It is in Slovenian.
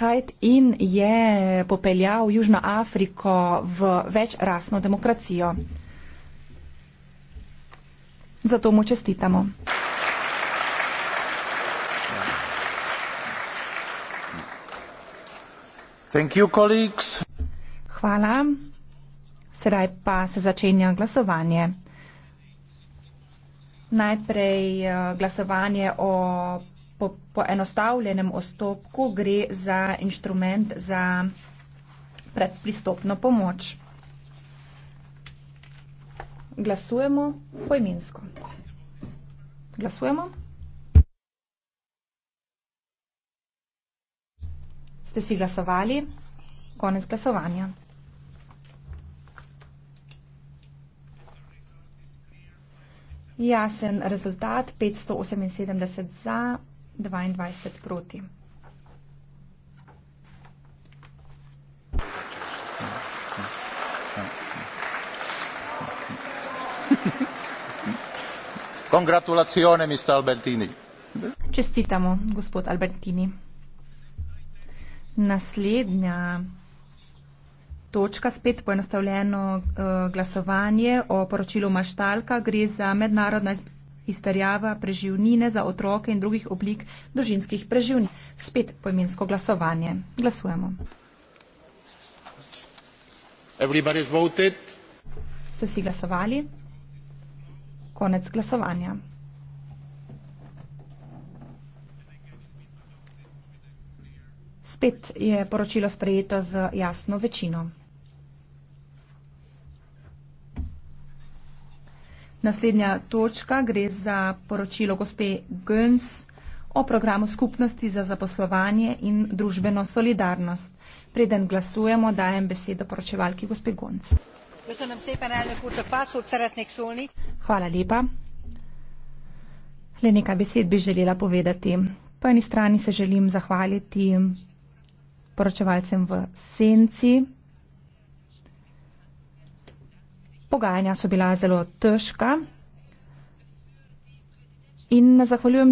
Kajt-in je popeljal Južno Afriko v večrasno demokracijo. Zato mu čestitamo. Thank you, colleagues. Hvala. Sedaj pa se začenja glasovanje. Najprej eh, glasovanje o po, po enostavljenem postopku gre za inštrument za predpristopno pomoč. Glasujemo poimensko. Glasujemo. Ste si glasovali? Konec glasovanja. Jasen rezultat 578 za, 22 proti. Congratulazione, mister Albertini. Čestitamo, gospod Albertini. Naslednja točka, spet poenostavljeno eh, glasovanje o poročilu Maštalka, gre za mednarodna izpravljanja izterjava preživnine za otroke in drugih oblik družinskih preživnin. Spet poimensko glasovanje. Glasujemo. Ste vsi glasovali? Konec glasovanja. Spet je poročilo sprejeto z jasno večino. Naslednja točka gre za poročilo gospe Göns o programu skupnosti za zaposlovanje in družbeno solidarnost. Preden glasujemo, dajem besedo poročevalki gospe Gonc. Hvala lepa. Le nekaj besed bi želela povedati. Po eni strani se želim zahvaliti poročevalcem v senci, Pogajanja so bila zelo težka in zahvaljujem se.